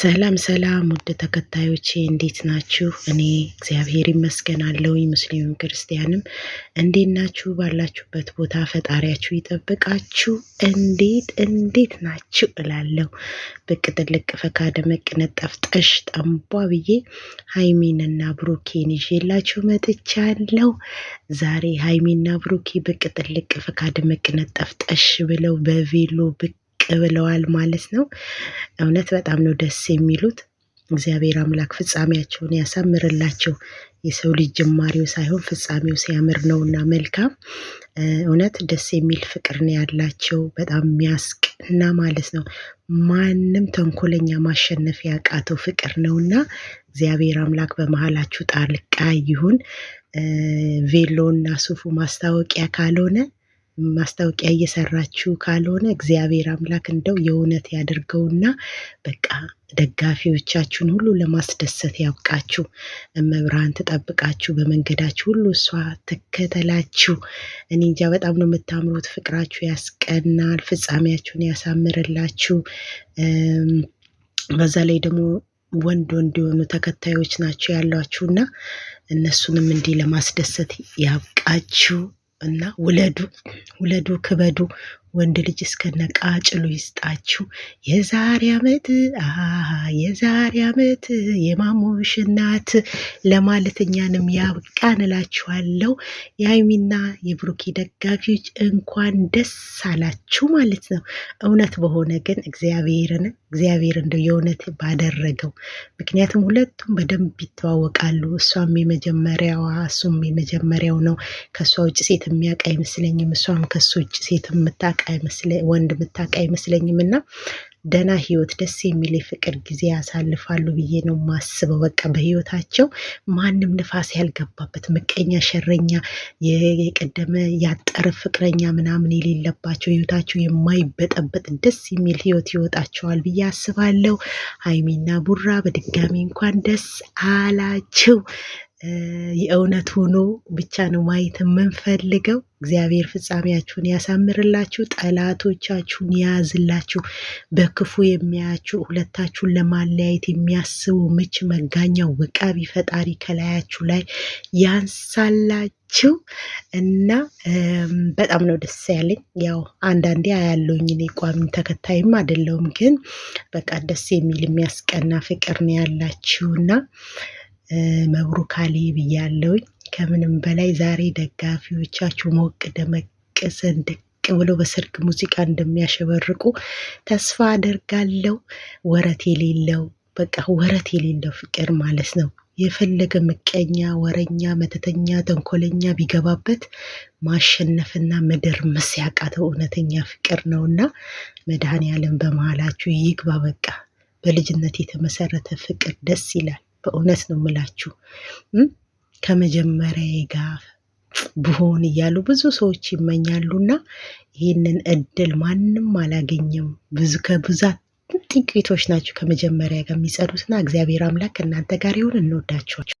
ሰላም ሰላም ውድ ተከታዮቼ እንዴት ናችሁ? እኔ እግዚአብሔር ይመስገን አለው። ሙስሊምም ክርስቲያንም እንዴት ናችሁ? ባላችሁበት ቦታ ፈጣሪያችሁ ይጠብቃችሁ። እንዴት እንዴት ናችሁ እላለሁ። ብቅ ጥልቅ ፈካ ደመቅ ጠሽ ጠንቧ ብዬ ሀይሚንና ብሩኬን ይዤላችሁ መጥቻለሁ። ዛሬ ሀይሚና ብሩኬ ብቅ ጥልቅ ፈካ ደመቅ ጠሽ ብለው በቬሎ ብቅ ብቅ ብለዋል ማለት ነው። እውነት በጣም ነው ደስ የሚሉት። እግዚአብሔር አምላክ ፍጻሜያቸውን ያሳምርላቸው። የሰው ልጅ ጅማሬው ሳይሆን ፍጻሜው ሲያምር ነውና መልካም። እውነት ደስ የሚል ፍቅር ነው ያላቸው። በጣም የሚያስቅና ማለት ነው ማንም ተንኮለኛ ማሸነፍ ያቃተው ፍቅር እና እግዚአብሔር አምላክ በመሀላችሁ ጣልቃ ይሁን። እና ሱፉ ማስታወቂያ ካልሆነ ማስታወቂያ እየሰራችሁ ካልሆነ እግዚአብሔር አምላክ እንደው የእውነት ያደርገውና በቃ ደጋፊዎቻችሁን ሁሉ ለማስደሰት ያብቃችሁ። እመብርሃን ትጠብቃችሁ፣ በመንገዳችሁ ሁሉ እሷ ትከተላችሁ። እኔ እንጃ በጣም ነው የምታምሩት። ፍቅራችሁ ያስቀናል፣ ፍጻሜያችሁን ያሳምርላችሁ። በዛ ላይ ደግሞ ወንድ ወንድ የሆኑ ተከታዮች ናቸው ያሏችሁ እና እነሱንም እንዲህ ለማስደሰት ያብቃችሁ። እና ውለዱ ውለዱ፣ ክበዱ፣ ወንድ ልጅ እስከነ ይስጣችሁ። የዛሬ ዓመት የዛሬ ዓመት የማሙሽ እናት ለማለት እኛንም ያብቃን እላችኋለሁ። የሀይሚና የብሩኪ ደጋፊዎች እንኳን ደስ አላችሁ ማለት ነው። እውነት በሆነ ግን እግዚአብሔርን እግዚአብሔር እንደ የእውነት ባደረገው። ምክንያቱም ሁለቱም በደንብ ይተዋወቃሉ። እሷም የመጀመሪያዋ እሱም የመጀመሪያው ነው። ከእሷ ውጭ ሴት የሚያውቅ አይመስለኝም፣ እሷም ከእሱ ውጭ ሴት የምታውቅ ወንድ የምታውቅ አይመስለኝም እና ደህና ህይወት ደስ የሚል የፍቅር ጊዜ ያሳልፋሉ ብዬ ነው ማስበው። በቃ በህይወታቸው ማንም ንፋስ ያልገባበት ምቀኛ፣ ሸረኛ፣ የቀደመ ያጠረ ፍቅረኛ ምናምን የሌለባቸው ህይወታቸው የማይበጠበጥ ደስ የሚል ህይወት ይወጣቸዋል ብዬ አስባለሁ። ሀይሚና ቡራ በድጋሚ እንኳን ደስ አላችሁ። የእውነት ሆኖ ብቻ ነው ማየት የምንፈልገው። እግዚአብሔር ፍጻሜያችሁን ያሳምርላችሁ፣ ጠላቶቻችሁን ያዝላችሁ፣ በክፉ የሚያያችሁ ሁለታችሁን ለማለያየት የሚያስቡ ምች መጋኛው ውቃቢ ፈጣሪ ከላያችሁ ላይ ያንሳላችሁ እና በጣም ነው ደስ ያለኝ። ያው አንዳንዴ አያለውኝ እኔ ቋሚ ተከታይም አይደለውም፣ ግን በቃ ደስ የሚል የሚያስቀና ፍቅር ነው ያላችሁና መብሩክ አሊ ከምንም በላይ ዛሬ ደጋፊዎቻችሁ ሞቅ ደመቅ ስንድቅ ብለው በሰርግ ሙዚቃ እንደሚያሸበርቁ ተስፋ አደርጋለሁ። ወረት የሌለው በቃ ወረት የሌለው ፍቅር ማለት ነው። የፈለገ ምቀኛ፣ ወረኛ፣ መተተኛ፣ ተንኮለኛ ቢገባበት ማሸነፍና መደርመስ ያቃተው እውነተኛ ፍቅር ነውና መድኃኔዓለም በመሃላችሁ ይግባ። በቃ በልጅነት የተመሰረተ ፍቅር ደስ ይላል። በእውነት ነው የምላችሁ ከመጀመሪያ ጋር ብሆን እያሉ ብዙ ሰዎች ይመኛሉና ይህንን እድል ማንም አላገኘም። ብዙ ከብዛት ጥቂቶች ናቸው ከመጀመሪያ ጋር የሚጸዱትና እግዚአብሔር አምላክ እናንተ ጋር ይሁን። እንወዳቸዋቸው።